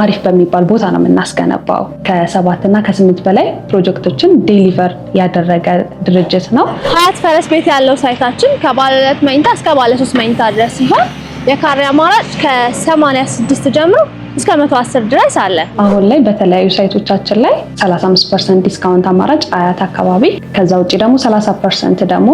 አሪፍ በሚባል ቦታ ነው የምናስገነባው። ከሰባት እና ከስምንት በላይ ፕሮጀክቶችን ዴሊቨር ያደረገ ድርጅት ነው። ሀያት ፈረስ ቤት ያለው ሳይታችን ከባለ ሁለት መኝታ እስከ ባለ ሶስት መኝታ ድረስ ሲሆን የካሬ አማራጭ ከ86 ጀምሮ እስከ 110 ድረስ አለ። አሁን ላይ በተለያዩ ሳይቶቻችን ላይ 35% ዲስካውንት አማራጭ አያት አካባቢ፣ ከዛ ውጭ ደግሞ 30% ደግሞ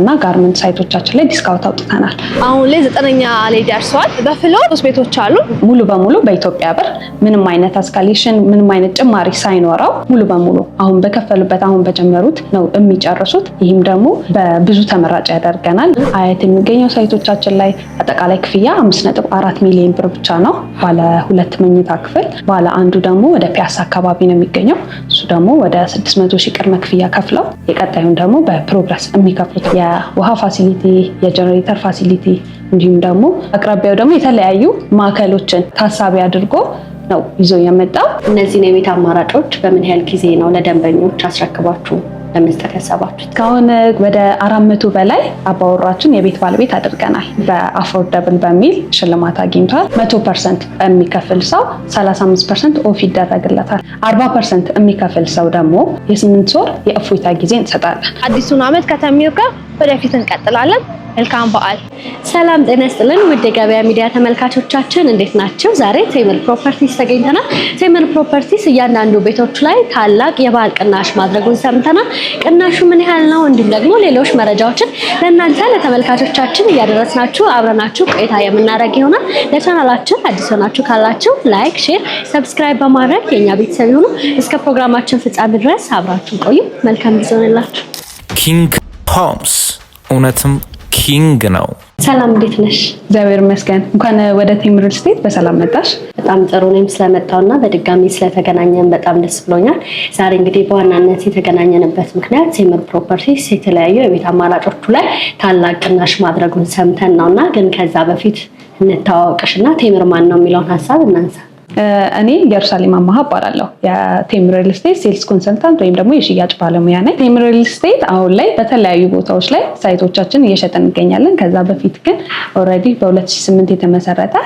እና ጋርመንት ሳይቶቻችን ላይ ዲስካውንት አውጥተናል። አሁን ላይ ዘጠነኛ ላይ ደርሰዋል። በፍሎ ሶስት ቤቶች አሉ። ሙሉ በሙሉ በኢትዮጵያ ብር ምንም አይነት አስካሌሽን፣ ምንም አይነት ጭማሪ ሳይኖረው ሙሉ በሙሉ አሁን በከፈሉበት አሁን በጀመሩት ነው የሚጨርሱት። ይህም ደግሞ በብዙ ተመራጭ ያደርገናል። አያት የሚገኘው ሳይቶቻችን ላይ አጠቃላይ ክፍያ 5.4 ሚሊዮን ብር ብቻ ነው ባለ ሁለት መኝታ ክፍል፣ ባለ አንዱ ደግሞ ወደ ፒያሳ አካባቢ ነው የሚገኘው። እሱ ደግሞ ወደ 600 ሺህ ቅድመ ክፍያ ከፍለው የቀጣዩን ደግሞ በፕሮግረስ የሚከፍሉት የውሃ ፋሲሊቲ፣ የጀኔሬተር ፋሲሊቲ እንዲሁም ደግሞ አቅራቢያው ደግሞ የተለያዩ ማዕከሎችን ታሳቢ አድርጎ ነው ይዞ የመጣው። እነዚህን የቤት አማራጮች በምን ያህል ጊዜ ነው ለደንበኞች አስረክባችሁ ለመስጠት ያሰባችሁት? ከአሁን ወደ አራት መቶ በላይ አባወራችን የቤት ባለቤት አድርገናል። በአፎርደብል በሚል ሽልማት አግኝቷል። መቶ ፐርሰንት የሚከፍል ሰው 35 ፐርሰንት ኦፍ ይደረግለታል። 40 ፐርሰንት የሚከፍል ሰው ደግሞ የስምንት ወር የእፎይታ ጊዜ እንሰጣለን። አዲሱን ዓመት ከተሚው ጋር ወደፊት እንቀጥላለን። መልካም በዓል። ሰላም ጤና ይስጥልን ውድ የገበያ ሚዲያ ተመልካቾቻችን እንዴት ናቸው? ዛሬ ቴምር ፕሮፐርቲስ ተገኝተናል። ቴምር ፕሮፐርቲስ እያንዳንዱ ቤቶች ላይ ታላቅ የበዓል ቅናሽ ማድረጉን ሰምተናል። ቅናሹ ምን ያህል ነው? እንዲሁም ደግሞ ሌሎች መረጃዎችን ለእናንተ ለተመልካቾቻችን እያደረስናችሁ አብረናችሁ ቆይታ የምናደርግ ይሆናል። ለቻናላችን አዲስ ሆናችሁ ካላችሁ ላይክ፣ ሼር፣ ሰብስክራይብ በማድረግ የእኛ ቤተሰብ ይሁኑ። እስከ ፕሮግራማችን ፍጻሜ ድረስ አብራችሁ ቆዩ። መልካም ጊዜ ሆነላችሁ። ኪንግ ሆምስ እውነትም ኪንግ ነው። ሰላም እንዴት ነሽ? እግዚአብሔር ይመስገን። እንኳን ወደ ቴም ሪል ስቴት በሰላም መጣሽ። በጣም ጥሩ። እኔም ስለመጣው እና በድጋሚ ስለተገናኘን በጣም ደስ ብሎኛል። ዛሬ እንግዲህ በዋናነት የተገናኘንበት ምክንያት ቴምር ፕሮፐርቲስ የተለያዩ የቤት አማራጮቹ ላይ ታላቅ ቅናሽ ማድረጉን ሰምተን ነው እና ግን ከዛ በፊት እንታዋወቅሽ እና ቴምር ማን ነው የሚለውን ሀሳብ እናንሳ። እኔ ኢየሩሳሌም አማሃ እባላለሁ። የቴም ሪል ስቴት ሴልስ ኮንሰልታንት ወይም ደግሞ የሽያጭ ባለሙያ ነኝ። ቴም ሪል ስቴት አሁን ላይ በተለያዩ ቦታዎች ላይ ሳይቶቻችን እየሸጠን እንገኛለን። ከዛ በፊት ግን ኦልሬዲ በ2008 የተመሰረተ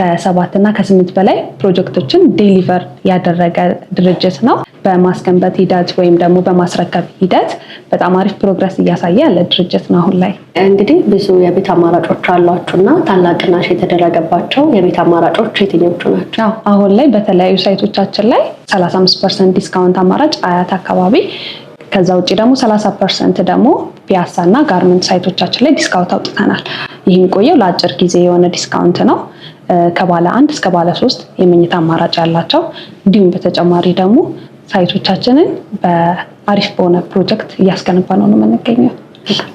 ከሰባት እና ከስምንት በላይ ፕሮጀክቶችን ዴሊቨር ያደረገ ድርጅት ነው። በማስገንበት ሂደት ወይም ደግሞ በማስረከብ ሂደት በጣም አሪፍ ፕሮግረስ እያሳየ ያለ ድርጅት ነው። አሁን ላይ እንግዲህ ብዙ የቤት አማራጮች አሏችሁ እና ታላቅ ቅናሽ የተደረገባቸው የቤት አማራጮች የትኞቹ ናቸው? አሁን ላይ በተለያዩ ሳይቶቻችን ላይ 35 ፐርሰንት ዲስካውንት አማራጭ አያት አካባቢ ከዛ ውጭ ደግሞ 30 ፐርሰንት ደግሞ ፒያሳ እና ጋርመንት ሳይቶቻችን ላይ ዲስካውንት አውጥተናል። ይህም ቆየው ለአጭር ጊዜ የሆነ ዲስካውንት ነው። ከባለ አንድ እስከ ባለ ሶስት የመኝታ አማራጭ ያላቸው እንዲሁም በተጨማሪ ደግሞ ሳይቶቻችንን በአሪፍ በሆነ ፕሮጀክት እያስገነባ ነው ነው የምንገኘው።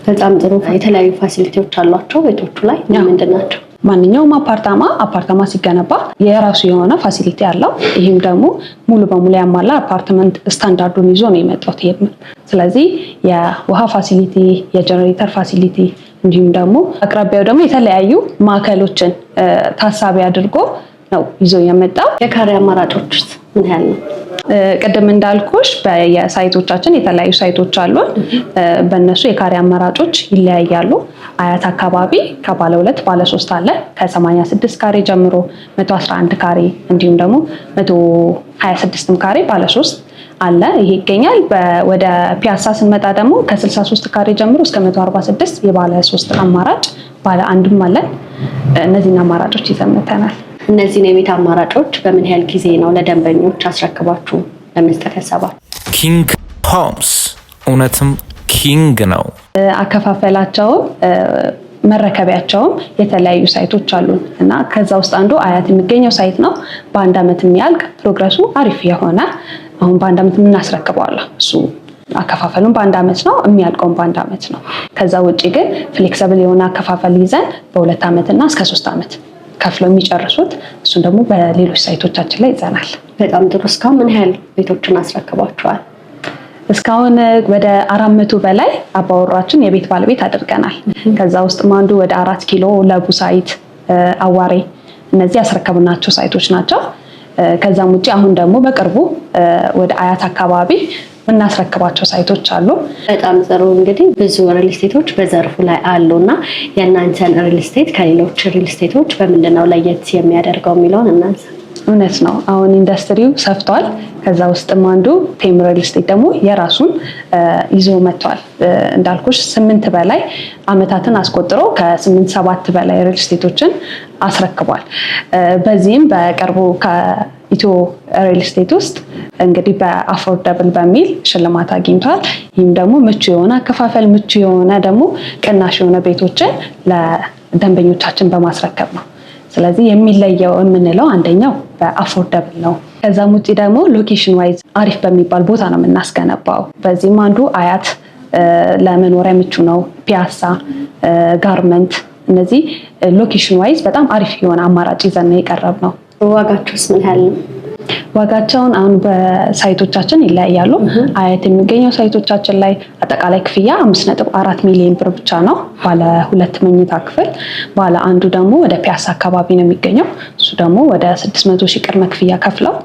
በጣም ጥሩ። የተለያዩ ፋሲሊቲዎች አሏቸው ቤቶቹ ላይ ምንድን ናቸው? ማንኛውም አፓርታማ አፓርታማ ሲገነባ የራሱ የሆነ ፋሲሊቲ አለው። ይህም ደግሞ ሙሉ በሙሉ ያሟላ አፓርትመንት ስታንዳርዱን ይዞ ነው የመጣው ይሄም። ስለዚህ የውሃ ፋሲሊቲ፣ የጀነሬተር ፋሲሊቲ እንዲሁም ደግሞ አቅራቢያው ደግሞ የተለያዩ ማዕከሎችን ታሳቢ አድርጎ ነው ይዞ የመጣው። የካሬ አማራጮች ምን ያህል ነው? ቅድም እንዳልኩሽ በየሳይቶቻችን የተለያዩ ሳይቶች አሉን። በእነሱ የካሬ አማራጮች ይለያያሉ። አያት አካባቢ ከባለ ሁለት ባለ ሶስት አለ ከ86 ካሬ ጀምሮ 111 ካሬ እንዲሁም ደግሞ 126 ካሬ ባለ ሶስት አለ። ይሄ ይገኛል። ወደ ፒያሳ ስንመጣ ደግሞ ከ63 ካሬ ጀምሮ እስከ 146 የባለ ሶስት አማራጭ ባለ አንድም አለን። እነዚህን አማራጮች ይዘምተናል። እነዚህን የቤት አማራጮች በምን ያህል ጊዜ ነው ለደንበኞች አስረክባችሁ ለመስጠት ያሰባል? ኪንግ ሆምስ እውነትም ኪንግ ነው። አከፋፈላቸውም መረከቢያቸውም የተለያዩ ሳይቶች አሉ። እና ከዛ ውስጥ አንዱ አያት የሚገኘው ሳይት ነው። በአንድ ዓመት የሚያልቅ ፕሮግረሱ አሪፍ የሆነ አሁን በአንድ ዓመት የምናስረክበዋለን እሱ አከፋፈሉን በአንድ ዓመት ነው የሚያልቀውን በአንድ ዓመት ነው። ከዛ ውጭ ግን ፍሌክሰብል የሆነ አከፋፈል ይዘን በሁለት ዓመት እና እስከ ሶስት ዓመት ከፍለው የሚጨርሱት እሱን ደግሞ በሌሎች ሳይቶቻችን ላይ ይዘናል። በጣም ጥሩ። እስካሁን ምን ያህል ቤቶችን አስረክባችኋል? እስካሁን ወደ አራት መቶ በላይ አባወራችን የቤት ባለቤት አድርገናል። ከዛ ውስጥ አንዱ ወደ አራት ኪሎ ለቡ ሳይት፣ አዋሬ እነዚህ ያስረከብናቸው ሳይቶች ናቸው። ከዛም ውጭ አሁን ደግሞ በቅርቡ ወደ አያት አካባቢ የምናስረክባቸው ሳይቶች አሉ። በጣም ጥሩ። እንግዲህ ብዙ ሪል ስቴቶች በዘርፉ ላይ አሉ እና የእናንተን ሪልስቴት ከሌሎች ሪል ስቴቶች በምንድነው ለየት የሚያደርገው የሚለውን እናንተ እውነት ነው። አሁን ኢንዱስትሪው ሰፍቷል። ከዛ ውስጥም አንዱ ቴም ሪል ስቴት ደግሞ የራሱን ይዞ መጥቷል። እንዳልኩሽ ስምንት በላይ አመታትን አስቆጥሮ ከስምንት ሰባት በላይ ሪል ስቴቶችን አስረክቧል። በዚህም በቅርቡ ኢትዮ ሪል ስቴት ውስጥ እንግዲህ በአፎርደብል በሚል ሽልማት አግኝቷል። ይህም ደግሞ ምቹ የሆነ አከፋፈል፣ ምቹ የሆነ ደግሞ ቅናሽ የሆነ ቤቶችን ለደንበኞቻችን በማስረከብ ነው። ስለዚህ የሚለየው የምንለው አንደኛው በአፎርደብል ነው። ከዛም ውጭ ደግሞ ሎኬሽን ዋይዝ አሪፍ በሚባል ቦታ ነው የምናስገነባው። በዚህም አንዱ አያት ለመኖሪያ ምቹ ነው። ፒያሳ፣ ጋርመንት እነዚህ ሎኬሽን ዋይዝ በጣም አሪፍ የሆነ አማራጭ ይዘን ነው የቀረብ ነው። ዋጋቸውስ ምን ያህል ነው? ዋጋቸውን አሁን በሳይቶቻችን ይለያያሉ። አያት የሚገኘው ሳይቶቻችን ላይ አጠቃላይ ክፍያ አምስት ነጥብ አራት ሚሊዮን ብር ብቻ ነው ባለ ሁለት መኝታ ክፍል። ባለ አንዱ ደግሞ ወደ ፒያሳ አካባቢ ነው የሚገኘው። እሱ ደግሞ ወደ ስድስት መቶ ሺህ ቅድመ ክፍያ ከፍለው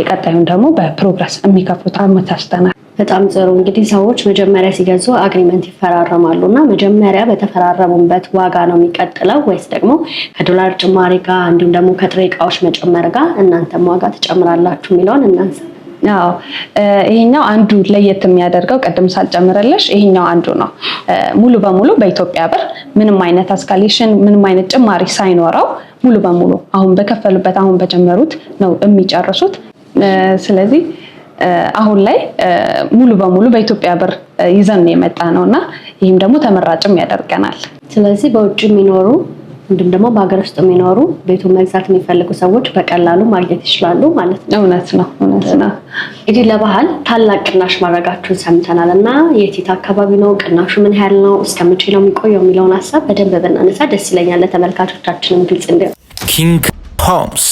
የቀጣዩን ደግሞ በፕሮግረስ የሚከፍሉት አመቻችተናል። በጣም ጥሩ እንግዲህ ሰዎች መጀመሪያ ሲገዙ አግሪመንት ይፈራረማሉ እና መጀመሪያ በተፈራረሙበት ዋጋ ነው የሚቀጥለው ወይስ ደግሞ ከዶላር ጭማሪ ጋር እንዲሁም ደግሞ ከጥሬ እቃዎች መጨመር ጋር እናንተም ዋጋ ትጨምራላችሁ የሚለውን እናንሳ። አዎ ይሄኛው አንዱ ለየት የሚያደርገው ቅድም ሳልጨምረለሽ ይሄኛው አንዱ ነው። ሙሉ በሙሉ በኢትዮጵያ ብር ምንም አይነት አስካሌሽን ምንም አይነት ጭማሪ ሳይኖረው ሙሉ በሙሉ አሁን በከፈሉበት አሁን በጀመሩት ነው የሚጨርሱት። ስለዚህ አሁን ላይ ሙሉ በሙሉ በኢትዮጵያ ብር ይዘን የመጣ ነው እና ይህም ደግሞ ተመራጭም ያደርገናል። ስለዚህ በውጭ የሚኖሩ እንዲሁም ደግሞ በሀገር ውስጥ የሚኖሩ ቤቱን መግዛት የሚፈልጉ ሰዎች በቀላሉ ማግኘት ይችላሉ ማለት ነው። እውነት ነው፣ እውነት ነው። እንግዲህ ለባህል ታላቅ ቅናሽ ማድረጋችሁን ሰምተናል እና የቴት አካባቢ ነው ቅናሹ? ምን ያህል ነው? እስከ ነው የሚቆየው? የሚለውን ሀሳብ በደንብ ብናነሳ ደስ ይለኛል፣ ለተመልካቾቻችንም ግልጽ እንዲሆን። ኪንግ ሆምስ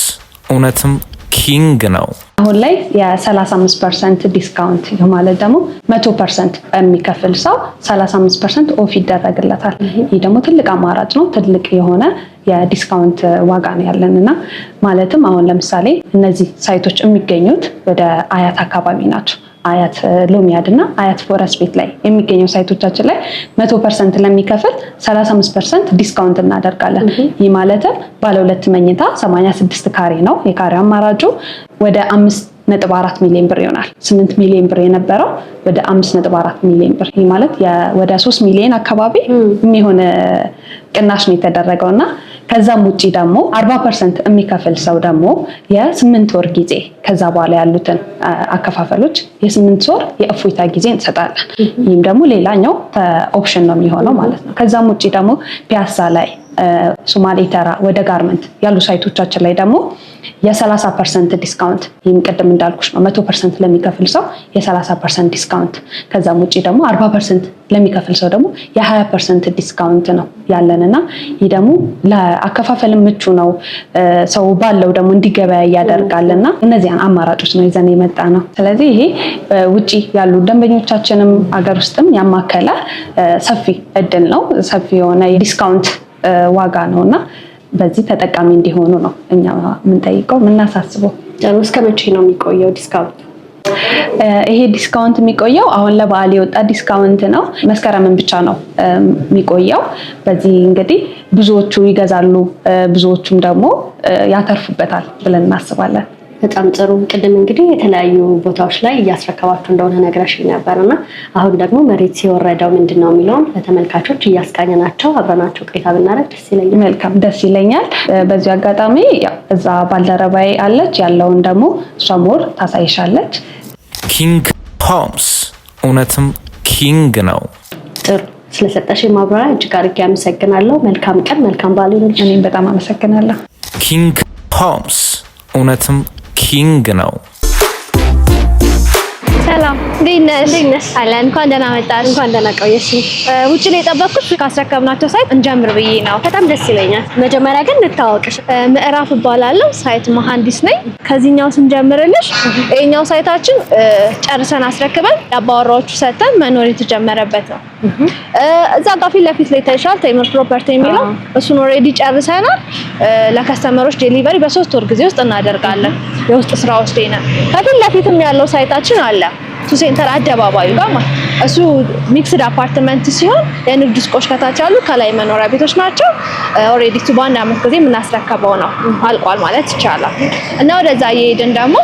እውነትም ኪንግ ነው። አሁን ላይ የ35 ፐርሰንት ዲስካውንት ማለት ደግሞ መቶ ፐርሰንት የሚከፍል ሰው 35 ፐርሰንት ኦፍ ይደረግለታል። ይህ ደግሞ ትልቅ አማራጭ ነው። ትልቅ የሆነ የዲስካውንት ዋጋ ነው ያለን እና ማለትም አሁን ለምሳሌ እነዚህ ሳይቶች የሚገኙት ወደ አያት አካባቢ ናቸው። አያት ሎሚያድ እና አያት ፎረስ ቤት ላይ የሚገኙ ሳይቶቻችን ላይ መቶ ፐርሰንት ለሚከፍል 35 ፐርሰንት ዲስካውንት እናደርጋለን። ይህ ማለትም ባለ ሁለት መኝታ 86 ካሬ ነው የካሬ አማራጩ ወደ አምስት ነጥብ አራት ሚሊዮን ብር ይሆናል። ስምንት ሚሊዮን ብር የነበረው ወደ አምስት ነጥብ አራት ሚሊዮን ብር ማለት ወደ ሶስት ሚሊዮን አካባቢ የሚሆን ቅናሽ ነው የተደረገው እና ከዛም ውጭ ደግሞ አርባ ፐርሰንት የሚከፍል ሰው ደግሞ የስምንት ወር ጊዜ ከዛ በኋላ ያሉትን አከፋፈሎች የስምንት ወር የእፎይታ ጊዜ እንሰጣለን። ይህም ደግሞ ሌላኛው ኦፕሽን ነው የሚሆነው ማለት ነው። ከዛም ውጭ ደግሞ ፒያሳ ላይ ሶማሌ ተራ ወደ ጋርመንት ያሉ ሳይቶቻችን ላይ ደግሞ የሰላሳ ፐርሰንት ዲስካውንት ይህም ቅድም እንዳልኩሽ ነው መቶ ፐርሰንት ለሚከፍል ሰው የሰላሳ ፐርሰንት ዲስካውንት ከዛም ውጭ ደግሞ 40 ፐርሰንት ለሚከፍል ሰው ደግሞ 20 ፐርሰንት ዲስካውንት ነው ያለን እና ይህ ደግሞ ለአከፋፈል ምቹ ነው። ሰው ባለው ደግሞ እንዲገበያ ያደርጋል እና እነዚያን አማራጮች ነው ይዘን የመጣ ነው። ስለዚህ ይሄ ውጭ ያሉ ደንበኞቻችንም አገር ውስጥም ያማከለ ሰፊ እድል ነው። ሰፊ የሆነ የዲስካውንት ዋጋ ነው እና በዚህ ተጠቃሚ እንዲሆኑ ነው እኛ የምንጠይቀው የምናሳስበው። እስከ መቼ ነው የሚቆየው ዲስካውንት? ይሄ ዲስካውንት የሚቆየው አሁን ለበዓል የወጣ ዲስካውንት ነው። መስከረምን ብቻ ነው የሚቆየው። በዚህ እንግዲህ ብዙዎቹ ይገዛሉ፣ ብዙዎቹም ደግሞ ያተርፉበታል ብለን እናስባለን። በጣም ጥሩ። ቅድም እንግዲህ የተለያዩ ቦታዎች ላይ እያስረከባችሁ እንደሆነ ነግረሽ ነበር እና አሁን ደግሞ መሬት ሲወረደው ምንድን ነው የሚለውን ለተመልካቾች እያስቃኘ ናቸው አብረናቸው ቆይታ ብናረግ ደስ ይለኛል። መልካም ደስ ይለኛል። በዚሁ አጋጣሚ እዛ ባልደረባዬ አለች፣ ያለውን ደግሞ እሷ ሞር ታሳይሻለች። ኪንግ ሆምስ እውነትም ኪንግ ነው። ጥሩ ስለሰጠሽ ማብራሪያ እጅግ አድርጌ አመሰግናለሁ። መልካም ቀን፣ መልካም ባሉ። እኔም በጣም አመሰግናለሁ። ኪንግ ሆምስ እውነትም ኪንግ ነው። ሰላም እንዴት ነሽ? አለ እንኳን ደህና መጣሽ። እንኳን ደህና ቆየሽ። ውጭ ላይ የጠበኩት ካስረከብናቸው ሳይት እንጀምር ብዬ ነው። በጣም ደስ ይለኛል። መጀመሪያ ግን እንታወቅሽ። ምዕራፍ እባላለሁ፣ ሳይት መሀንዲስ ነኝ። ከዚህኛው ስንጀምርልሽ ይሄኛው ሳይታችን ጨርሰን አስረክበን ለአባወራዎቹ ሰጥተን መኖር የተጀመረበት ነው። እዛ ጋር ፊት ለፊት ላይ ታይሻል፣ ቴምር ፕሮፐርቲ የሚለው እሱን ኦልሬዲ ጨርሰናል። ለከስተመሮች ዴሊቨሪ በሶስት ወር ጊዜ ውስጥ እናደርጋለን። የውስጥ ስራዎች ውስጥ ነን። ከፊት ለፊትም ያለው ሳይታችን አለ ቱ ሴንተር አደባባዩ ጋር እሱ ሚክስድ አፓርትመንት ሲሆን የንግድ ሱቆች ከታች አሉ፣ ከላይ መኖሪያ ቤቶች ናቸው። ኦልሬዲ ቱ በአንድ አመት ጊዜ የምናስረከበው ነው አልቋል ማለት ይቻላል። እና ወደዛ እየሄድን ደግሞ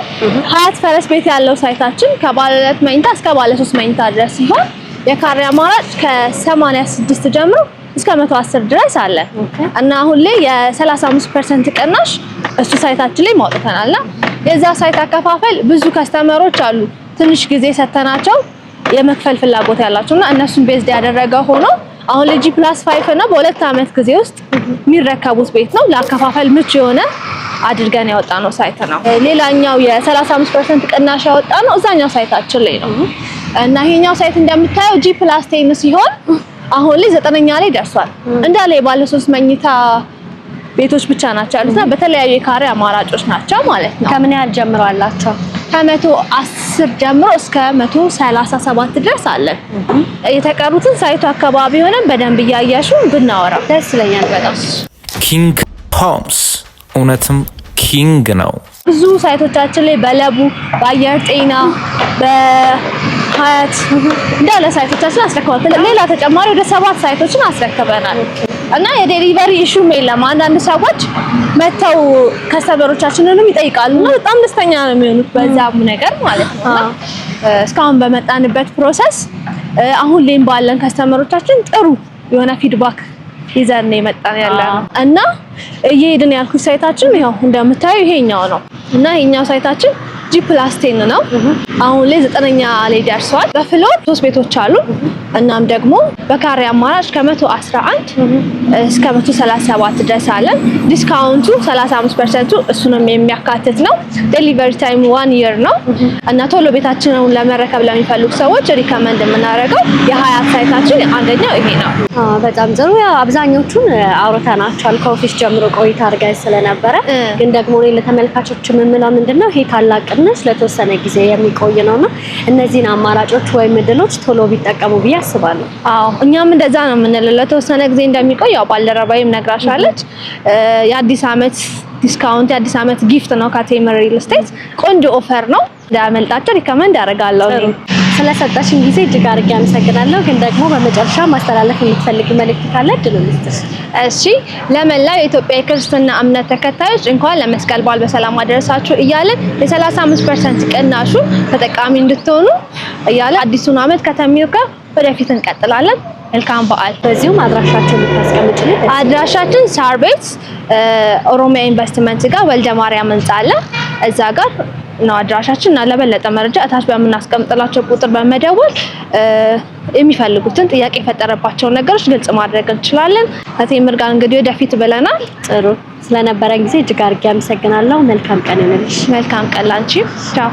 ሀያት ፈረስ ቤት ያለው ሳይታችን ከባለ ሁለት መኝታ እስከ ባለ ሶስት መኝታ ድረስ ሲሆን የካሬ አማራጭ ከ86 ጀምሮ እስከ 110 ድረስ አለ እና አሁን ላይ የ35 ፐርሰንት ቅናሽ እሱ ሳይታችን ላይ ማውጥተናልና የዛ ሳይት አከፋፈል ብዙ ከስተመሮች አሉ ትንሽ ጊዜ ሰተናቸው የመክፈል ፍላጎት ያላቸውና እነሱን ቤዝድ ያደረገ ሆኖ አሁን ለጂ ፕላስ ፋይፍ ነው በሁለት አመት ጊዜ ውስጥ የሚረከቡት ቤት ነው። ለአከፋፈል ምቹ የሆነ አድርገን ያወጣ ነው ሳይት ነው። ሌላኛው የ35% ቅናሽ ያወጣ ነው እዛኛው ሳይታችን ላይ ነው እና ይሄኛው ሳይት እንደምታየው ጂ ፕላስ 10 ሲሆን አሁን ላይ ዘጠነኛ ላይ ደርሷል። እንዳለ ባለ ሶስት መኝታ ቤቶች ብቻ ናቸው ያሉትና በተለያዩ የካሬ አማራጮች ናቸው ማለት ነው። ከምን ያህል ጀምሮ አላቸው? ከመቶ አስር ጀምሮ እስከ መቶ ሰላሳ ሰባት ድረስ አለን። የተቀሩትን ሳይቱ አካባቢ ሆነን በደንብ እያያሹ ብናወራ ደስ ይለኛል በጣም። ኪንግ ሆምስ እውነትም ኪንግ ነው። ብዙ ሳይቶቻችን ላይ በለቡ፣ በአየር ጤና፣ በሀያት እንዳለ ሳይቶቻችን አስረክበናል። ሌላ ተጨማሪ ወደ ሰባት ሳይቶችን አስረክበናል። እና የዴሊቨሪ ኢሹም የለም። አንዳንድ ሰዎች መተው ከስተመሮቻችንንም ይጠይቃሉ እና በጣም ደስተኛ ነው የሚሆኑት በዛም ነገር ማለት ነው። እስካሁን በመጣንበት ፕሮሰስ አሁን ላይም ባለን ከስተመሮቻችን ጥሩ የሆነ ፊድባክ ይዘን ነው የመጣን ያለ እና እየሄድን ያልኩት ሳይታችን ይኸው እንደምታዩ ይሄኛው ነው እና ይሄኛው ሳይታችን ጂ ፕላስ ቴን ነው። አሁን ላይ ዘጠነኛ ላይ ደርሰዋል። በፍሎር ሶስት ቤቶች አሉ። እናም ደግሞ በካሬ አማራጭ ከ111 እስከ 137 ድረስ አለን። ዲስካውንቱ 35 ፐርሰንቱ እሱንም የሚያካትት ነው። ዴሊቨሪ ታይም ዋን ይር ነው እና ቶሎ ቤታችንን ለመረከብ ለሚፈልጉ ሰዎች ሪከመንድ የምናደርገው የሀያት ሳይታችን አንደኛው ይሄ ነው። በጣም ጥሩ። አብዛኞቹን አውርተናቸዋል ከኦፊስ ጀምሮ ቆይታ አድርጋ ስለነበረ ግን ደግሞ ለተመልካቾች የምንለው ምንድነው ይሄ ታላቅ ስለሚቀንስ ለተወሰነ ጊዜ የሚቆይ ነው እና እነዚህን አማራጮች ወይም እድሎች ቶሎ ቢጠቀሙ ብዬ አስባለሁ። አዎ እኛም እንደዛ ነው የምንለው። ለተወሰነ ጊዜ እንደሚቆይ ያው ባልደረባይም ነግራሻለች። የአዲስ አመት ዲስካውንት የአዲስ አመት ጊፍት ነው። ካቴመሪ ሪል ስቴት ቆንጆ ኦፈር ነው። እንዳያመልጣቸው ሪከመንድ ያደርጋለሁ። ስለሰጠሽን ጊዜ እጅግ አድርጌ አመሰግናለሁ። ግን ደግሞ በመጨረሻ ማስተላለፍ የምትፈልግ መልእክት ካለ ድሉ እሺ፣ ለመላው የኢትዮጵያ የክርስትና እምነት ተከታዮች እንኳን ለመስቀል በዓል በሰላም አደረሳችሁ እያለን የ35% ቅናሹ ተጠቃሚ እንድትሆኑ እያለ አዲሱን ዓመት ከተሚው ጋር ወደፊት እንቀጥላለን። መልካም በዓል። በዚሁም አድራሻችን ልታስቀምጪልን? አድራሻችን ሳር ቤት ኦሮሚያ ኢንቨስትመንት ጋር ወልደ ማርያም ህንጻ አለ እዛ ጋር ነው አድራሻችን እና ለበለጠ መረጃ እታች በምናስቀምጥላቸው ቁጥር በመደወል የሚፈልጉትን ጥያቄ የፈጠረባቸውን ነገሮች ግልጽ ማድረግ እንችላለን። ከቴምር ጋር እንግዲህ ወደፊት ብለናል። ጥሩ ስለነበረን ጊዜ እጅግ አድርጌ አመሰግናለሁ። መልካም ቀን ይሁንልሽ። መልካም ቀን ላንቺ። ቻው።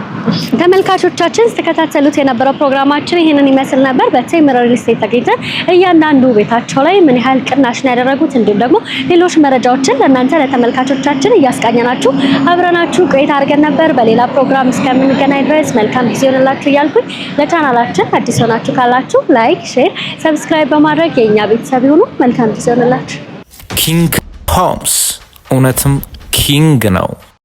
ተመልካቾቻችን ስትከታተሉት የነበረው ፕሮግራማችን ይህንን ይመስል ነበር። በቴምር ሪል ስቴት ተገኝተን እያንዳንዱ ቤታቸው ላይ ምን ያህል ቅናሽን ያደረጉት እንዲሁም ደግሞ ሌሎች መረጃዎችን ለእናንተ ለተመልካቾቻችን እያስቃኘናችሁ አብረናችሁ ቆይታ አድርገን ነበር። በሌላ ፕሮግራም እስከምንገናኝ ድረስ መልካም ጊዜ ይሆንላችሁ እያልኩኝ ለቻናላችን አዲስ ሆናችሁ ካላችሁ ላይክ፣ ሼር፣ ሰብስክራይብ በማድረግ የእኛ ቤተሰብ ይሁኑ። መልካም ጊዜ ይሆንላችሁ። ኪንግ ሆምስ und zum King genau.